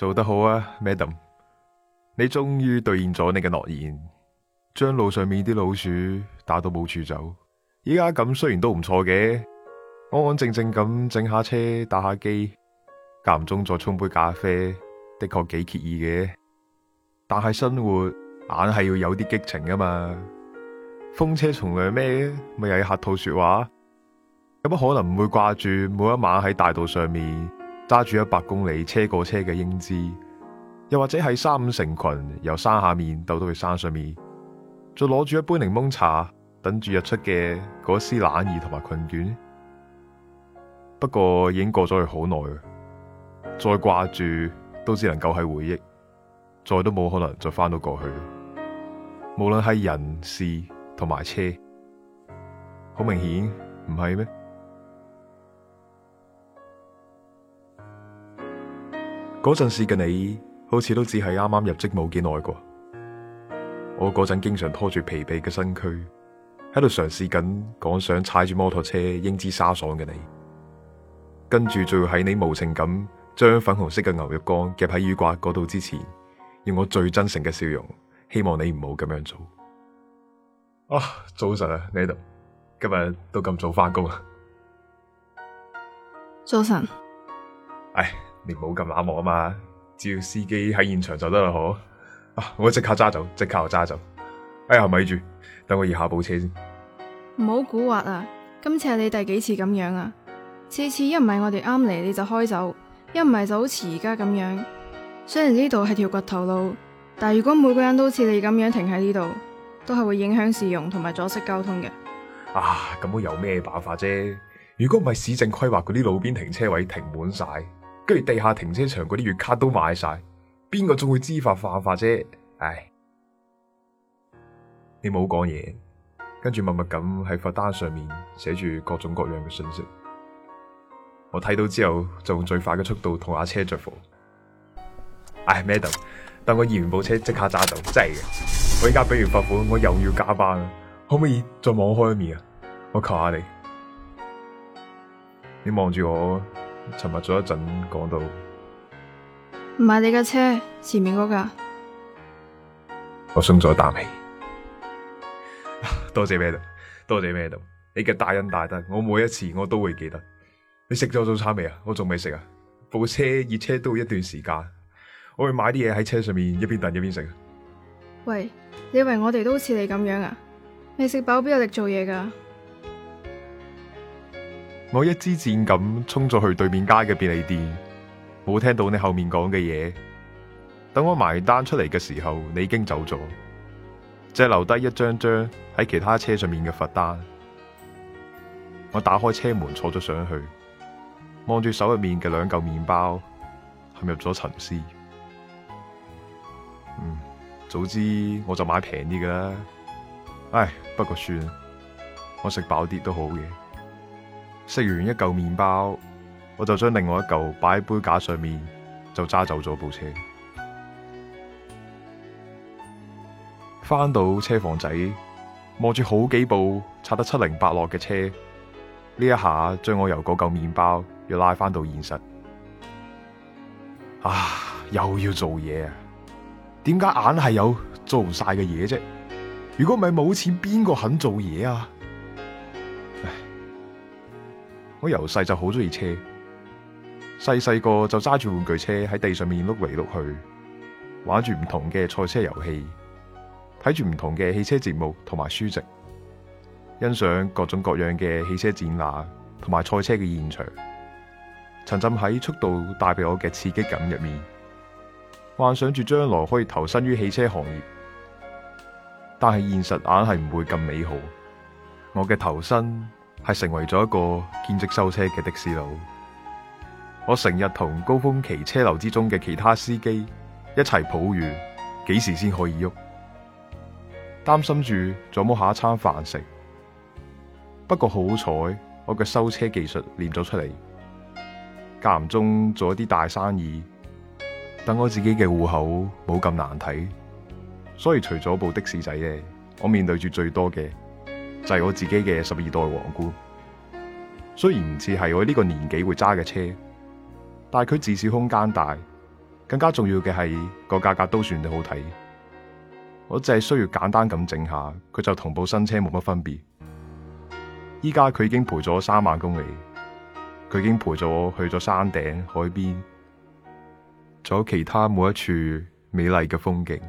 做得好啊，Madam！你終於兌現咗你嘅諾言，將路上面啲老鼠打到冇處走。依家咁雖然都唔錯嘅，安安靜靜咁整下車打下機，間唔中再沖杯咖啡，的確幾愜意嘅。但係生活硬係要有啲激情啊嘛！風車從來咩咪又要客套說話，有乜可能唔會掛住每一晚喺大道上面？揸住一百公里車過車嘅英姿，又或者係三五成群由山下面鬥到去山上面，再攞住一杯檸檬茶等住日出嘅嗰絲冷意同埋困倦。不過已經過咗去好耐，再掛住都只能夠係回憶，再都冇可能再翻到過去。無論係人事同埋車，好明顯唔係咩？嗰陣時嘅你，好似都只係啱啱入職冇幾耐啩。我嗰陣經常拖住疲憊嘅身軀，喺度嘗試緊趕上踩住摩托車英姿颯爽嘅你。跟住，仲要喺你無情咁將粉紅色嘅牛肉乾夾喺雨刮嗰度之前，用我最真誠嘅笑容，希望你唔好咁樣做。啊，早晨啊，你喺度，今日都咁早返工啊。早晨安，唉。你唔好咁冷漠啊嘛，只要司機喺現場就得啦，好啊，我即刻揸走，即刻就揸走。哎呀，咪住，等我驗下部車先。唔好蠱惑啊！今次係你第幾次咁樣啊？次次一唔係我哋啱嚟你就開走，一唔係就好似而家咁樣。雖然呢度係條掘頭路，但係如果每個人都似你咁樣停喺呢度，都係會影響市容同埋阻塞交通嘅。啊，咁我有咩辦法啫？如果唔係市政規劃嗰啲路邊停車位停滿晒。跟住地下停車場嗰啲月卡都買晒，邊個仲會知法犯法啫？唉，你冇講嘢，跟住默默咁喺罰單上面寫住各種各樣嘅信息。我睇到之後就用最快嘅速度同阿車着火。唉，Madam，等我驗完部車即刻揸走，真係嘅。我依家俾完罰款，我又要加班，可唔可以再望開一面啊？我求下你，你望住我。尋日做咗一陣講到，唔係你架車前面嗰架，我鬆咗啖氣。 多謝咩都，多謝咩都，你嘅大恩大德，我每一次我都會記得。你食咗早餐未啊？我仲未食啊。部車熱車都一段時間，我去買啲嘢喺車上面一邊等一邊食。喂，你以為我哋都好似你咁樣啊？未食飽邊有力做嘢噶？我一支箭咁衝咗去對面街嘅便利店，冇聽到你後面講嘅嘢。等我埋單出嚟嘅時候，你已經走咗，淨係留低一張張喺其他車上面嘅罰單。我打開車門坐咗上去，望住手入面嘅兩嚿麵包，陷入咗沉思。嗯，早知我就買平啲㗎啦。唉，不過算，我食飽啲都好嘅。食完一嚿麵包，我就將另外一嚿擺喺杯架上面，就揸走咗部車。翻到車房仔，望住好幾部拆得七零八落嘅車，呢一下將我由嗰嚿麵包要拉翻到現實。啊，又要做嘢啊！點解硬係有做唔晒嘅嘢啫？如果唔係冇錢，邊個肯做嘢啊？我由細就好中意車，細細個就揸住玩具車喺地上面碌嚟碌去，玩住唔同嘅賽車遊戲，睇住唔同嘅汽車節目同埋書籍，欣賞各種各樣嘅汽車展覽同埋賽車嘅現場，沉浸喺速度帶俾我嘅刺激感入面，幻想住將來可以投身於汽車行業，但係現實硬係唔會咁美好，我嘅投身。係成為咗一個兼職收車嘅的、的士佬，我成日同高峰期車流之中嘅其他司機一齊抱怨，幾時先可以喐，擔心住再冇下一餐飯食。不過好彩，我嘅收車技術練咗出嚟，間唔中做一啲大生意，等我自己嘅戶口冇咁難睇。所以除咗部的士仔嘅，我面對住最多嘅，就係我自己嘅十二代皇冠，雖然唔似係我呢個年紀會揸嘅車，但係佢至少空間大，更加重要嘅係個價格都算好睇。我淨係需要簡單咁整下，佢就同部新車冇乜分別。依家佢已經陪咗我三萬公里，佢已經陪咗我去咗山頂、海邊，仲有其他每一處美麗嘅風景。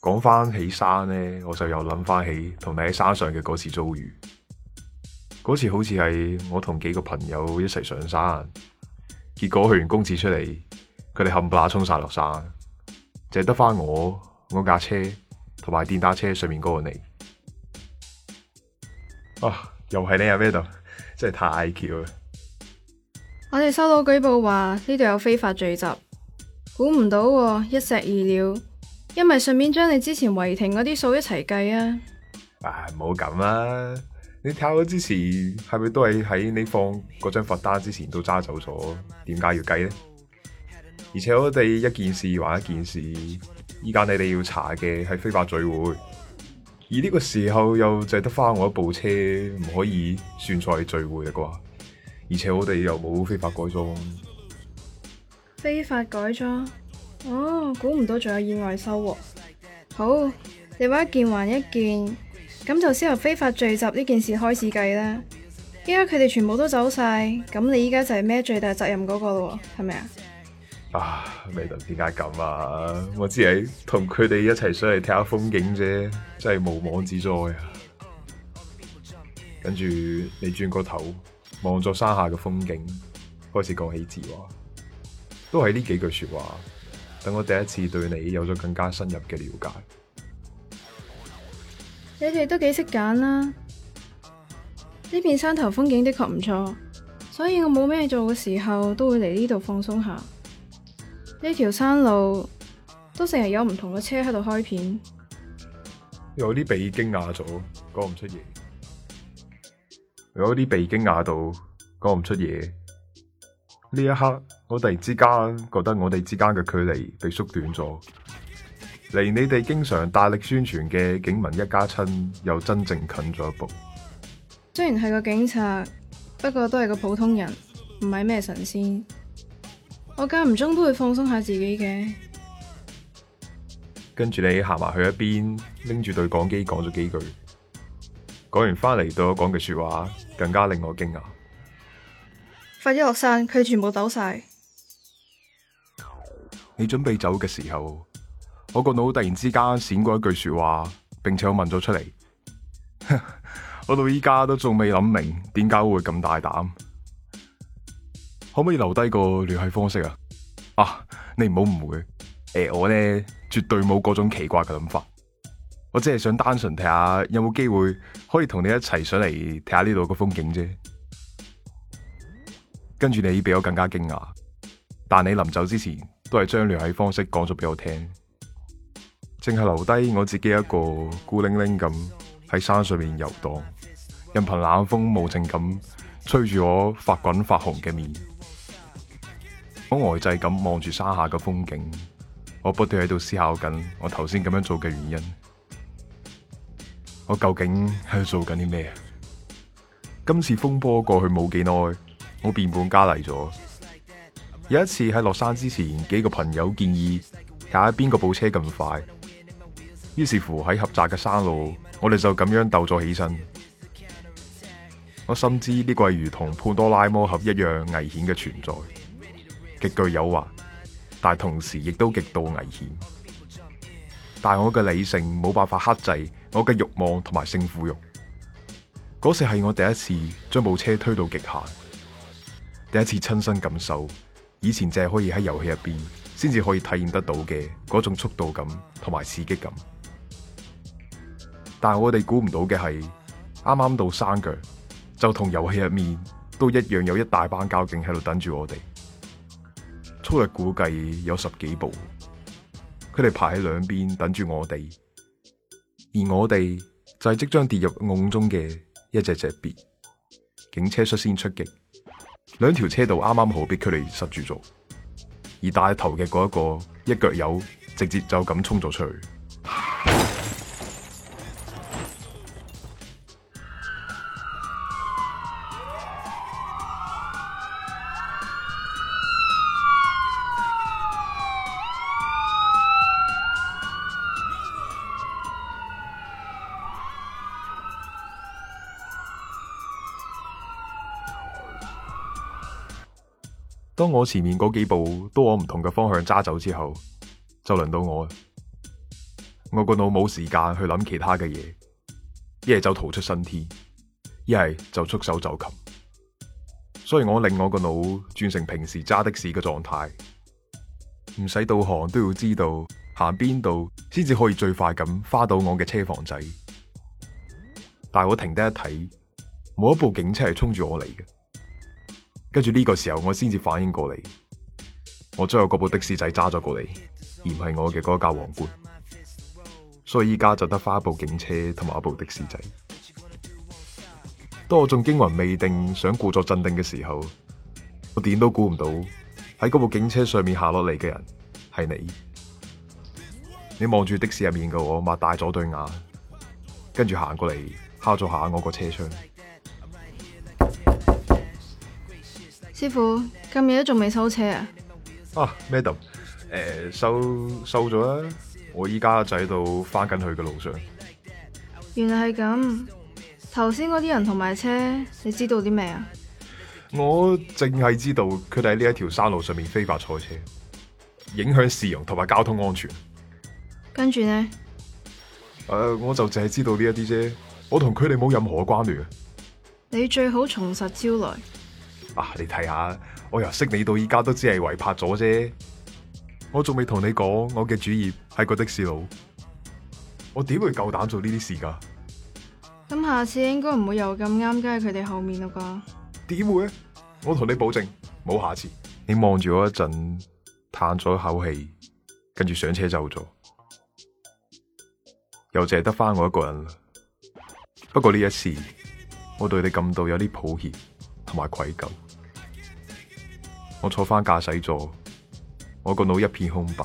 講返起山呢，我就又諗返起同你喺山上嘅嗰次遭遇。嗰次好似係我同幾個朋友一齊上山，結果去完公廁出嚟，佢哋冚唪唥衝晒落山，淨係得返我我架車同埋電單車上面嗰個你。啊，又係你阿 Madam，真係太巧啦！我哋收到舉報話呢度有非法聚集，估唔到，啊，一石二鳥。因為順便將你之前違停嗰啲數一齊計啊！唉，唔好咁啦，你睇咗之前係咪都係喺你放嗰張罰單之前都揸走咗？點解要計呢？而且我哋一件事還一件事，依家你哋要查嘅係非法聚會，而呢個時候又淨係得翻我一部車，唔可以算在聚會嘅啩？而且我哋又冇非法改裝，非法改裝。哦，估唔到仲有意外收穫啊。好，你話一件還一件，咁就先由非法聚集呢件事開始計啦。依家佢哋全部都走晒，咁你依家就係咩最大責任嗰個咯？係咪啊？啊，咩突然之間咁啊？我只係同佢哋一齊上嚟睇下風景啫，真係無妄之災啊！跟住你轉個頭望咗山下嘅風景，開始講起字話，都係呢幾句說話。等我第一次對你有咗更加深入嘅了解。你哋都幾識揀啦！呢片山頭風景的確唔錯，所以我冇咩做嘅時候都會嚟呢度放鬆下。呢條山路都成日有唔同嘅車喺度開片。有啲被驚訝咗，講唔出嘢。有啲被驚訝到，講唔出嘢。呢一刻。我突然之間覺得我哋之間嘅距離被縮短咗，離你哋經常大力宣傳嘅警民一家親又真正近咗一步。雖然係個警察，不過都係個普通人，唔係咩神仙。我間唔中都會放鬆下自己嘅。跟住你行埋去一邊，拎住對講機講咗幾句，講完返嚟對我講句說話更加令我驚訝。快啲落山，佢全部走晒。你準備走嘅時候，我個腦突然之間閃過一句說話，並且我問咗出嚟，我到依家都仲未諗明點解會咁大膽，可唔可以留低個聯繫方式啊？啊，你唔好誤會，誒、欸，我咧絕對冇嗰種奇怪嘅諗法，我只係想單純睇下有冇機會可以同你一齊上嚟睇下呢度嘅風景啫。跟住你比我更加驚訝，但你臨走之前，都係將聯繫方式講咗俾我聽，淨係留低我自己一個孤零零咁喺山上面遊蕩，任憑冷風無情咁吹住我發滾發紅嘅面，我呆滯咁望住山下嘅風景，我不斷喺度思考緊我頭先咁樣做嘅原因，我究竟喺度做緊啲咩？今次風波過去冇幾耐，我變本加厲咗。有一次喺落山之前，幾個朋友建議睇下邊個部車咁快，於是乎喺狹窄嘅山路，我哋就咁樣鬥咗起身。我深知呢個如同潘多拉魔盒一樣危險嘅存在，極具誘惑，但同時亦都極度危險。但我嘅理性冇辦法克制我嘅欲望同埋勝負欲。嗰時係我第一次將部車推到極限，第一次親身感受。以前淨係可以喺遊戲入邊，先至可以體驗得到嘅嗰種速度感同埋刺激感。但係我哋估唔到嘅係，啱啱到山腳，就同遊戲入面都一樣有一大班交警喺度等住我哋。粗略估計有十幾部，佢哋排喺兩邊等住我哋，而我哋就係即將跌入甕中嘅一隻隻別。警車率先出擊，兩條車道啱啱好，畀佢哋塞住咗，而帶頭嘅嗰一個一腳油，直接就咁衝咗出去。當我前面嗰幾部都往唔同嘅方向揸走之後，就輪到我。我個腦冇時間去諗其他嘅嘢，一係就逃出生天，一係就束手就擒。所以我令我個腦轉成平時揸的士嘅狀態，唔使導航都要知道行邊度先至可以最快咁花到我嘅車房仔。但係我停低一睇，冇一部警車係衝住我嚟嘅。跟住呢個時候我，我先至反應過嚟，我將有部的士仔揸咗過嚟，而唔係我嘅嗰架皇冠，所以依家就得返一部警車同埋一部的士仔。當我仲驚魂未定，想故作鎮定嘅時候，我點都估唔到喺嗰部警車上面下落嚟嘅人係你。你望住的士入面嘅我，擘大咗對眼，跟住行過嚟敲咗下我個車窗。師傅，咁夜都仲未收車啊？啊，Madam，誒、呃，收收咗啦，我依家就喺度翻緊去嘅路上。原來係咁，頭先嗰啲人同埋車，你知道啲咩啊？我淨係知道佢哋喺呢一條山路上面非法賽車，影響市容同埋交通安全。跟住呢，誒、呃，我就淨係知道呢一啲啫，我同佢哋冇任何嘅關聯啊！你最好從實招來。啊！你睇下，我由識你到依家都只係圍拍咗啫。我仲未同你講，我嘅主業係個的士佬。我點會夠膽做呢啲事噶？咁下次應該唔會又咁啱跟喺佢哋後面啦啩？點會？我同你保證冇下次。你望住我一陣，嘆咗一口氣，跟住上車就走咗，又淨係得翻我一個人。不過呢一次，我對你感到有啲抱歉同埋愧疚。我坐翻駕駛座，我個腦一片空白，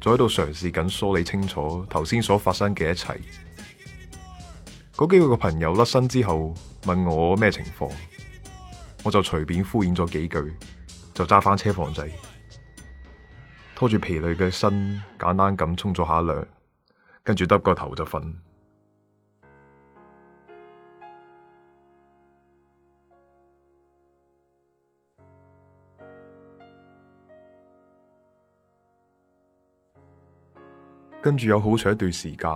仲喺度嘗試緊梳理清楚頭先所發生嘅一切。嗰幾個個朋友甩身之後問我咩情況，我就隨便敷衍咗幾句，就揸翻車房仔，拖住疲累嘅身，簡單咁沖咗下涼，跟住耷個頭就瞓。跟住有好長一段時間，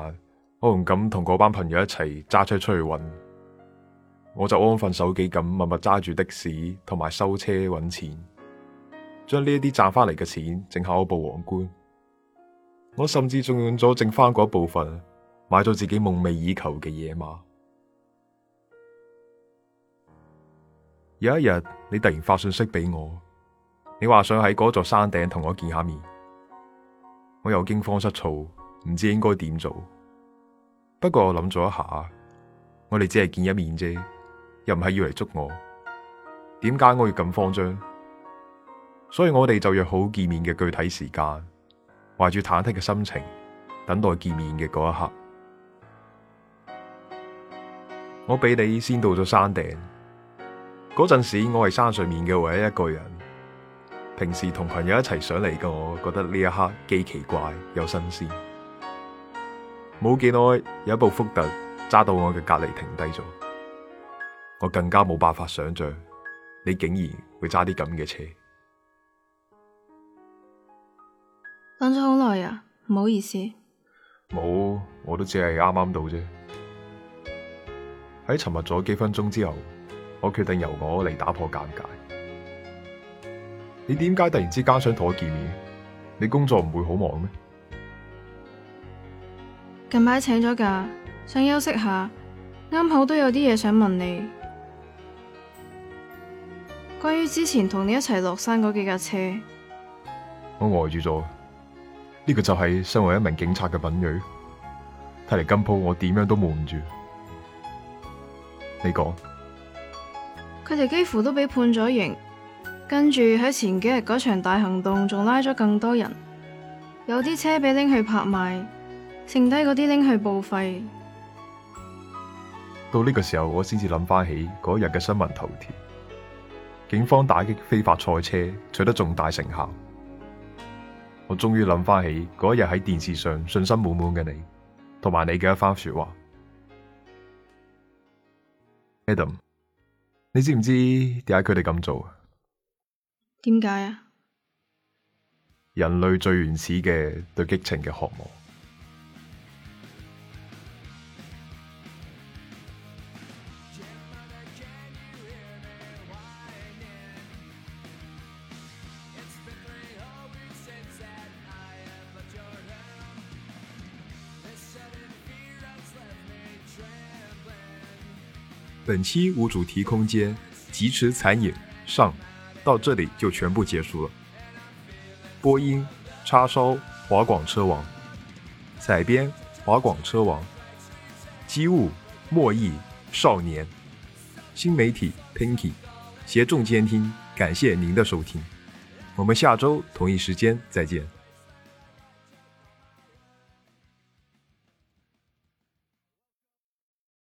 我唔敢同嗰班朋友一齊揸車出去搵，我就安分守己咁默默揸住的士同埋收車搵錢，將呢一啲賺翻嚟嘅錢整下我部皇冠，我甚至仲用咗剩翻嗰部分買咗自己夢寐以求嘅野馬。有一日，你突然發信息俾我，你話想喺嗰座山頂同我見下面。我又驚慌失措，唔知應該點做。不過我諗咗一下，我哋只係見一面啫，又唔係要嚟捉我，點解我要咁慌張？所以我哋就約好見面嘅具體時間，懷住忐忑嘅心情，等待見面嘅嗰一刻。我比你先到咗山頂，嗰陣時我係山上面嘅唯一一個人。平時同朋友一齊上嚟嘅，我覺得呢一刻既奇怪又新鮮。冇幾耐，有一部福特揸到我嘅隔離停低咗，我更加冇辦法想象你竟然會揸啲咁嘅車。等咗好耐啊，唔好意思。冇，我都只係啱啱到啫。喺沉默咗幾分鐘之後，我決定由我嚟打破尷尬。你點解突然之間想同我見面？你工作唔會好忙咩？近排請咗假，想休息下，啱好都有啲嘢想問你。關於之前同你一齊落山嗰幾架車，我呆住咗。呢個就係身為一名警察嘅品語。睇嚟今鋪，我點樣都瞞唔住。你講，佢哋幾乎都俾判咗刑。跟住喺前幾日嗰場大行動，仲拉咗更多人，有啲車俾拎去拍賣，剩低嗰啲拎去報廢。到呢個時候，我先至諗翻起嗰日嘅新聞頭條，警方打擊非法賽車取得重大成效。我終於諗翻起嗰日喺電視上信心滿滿嘅你，同埋你嘅一番說話，Adam，你知唔知點解佢哋咁做？點解啊？人類最原始嘅對激情嘅渴望。本期無主題空間，疾馳殘影上。到這裡就全部結束了。播音叉燒華廣車王，採編華廣車王，機務墨亦少年，新媒體 Pinky，協眾監聽，感謝您的收聽，我們下周同一時間再見。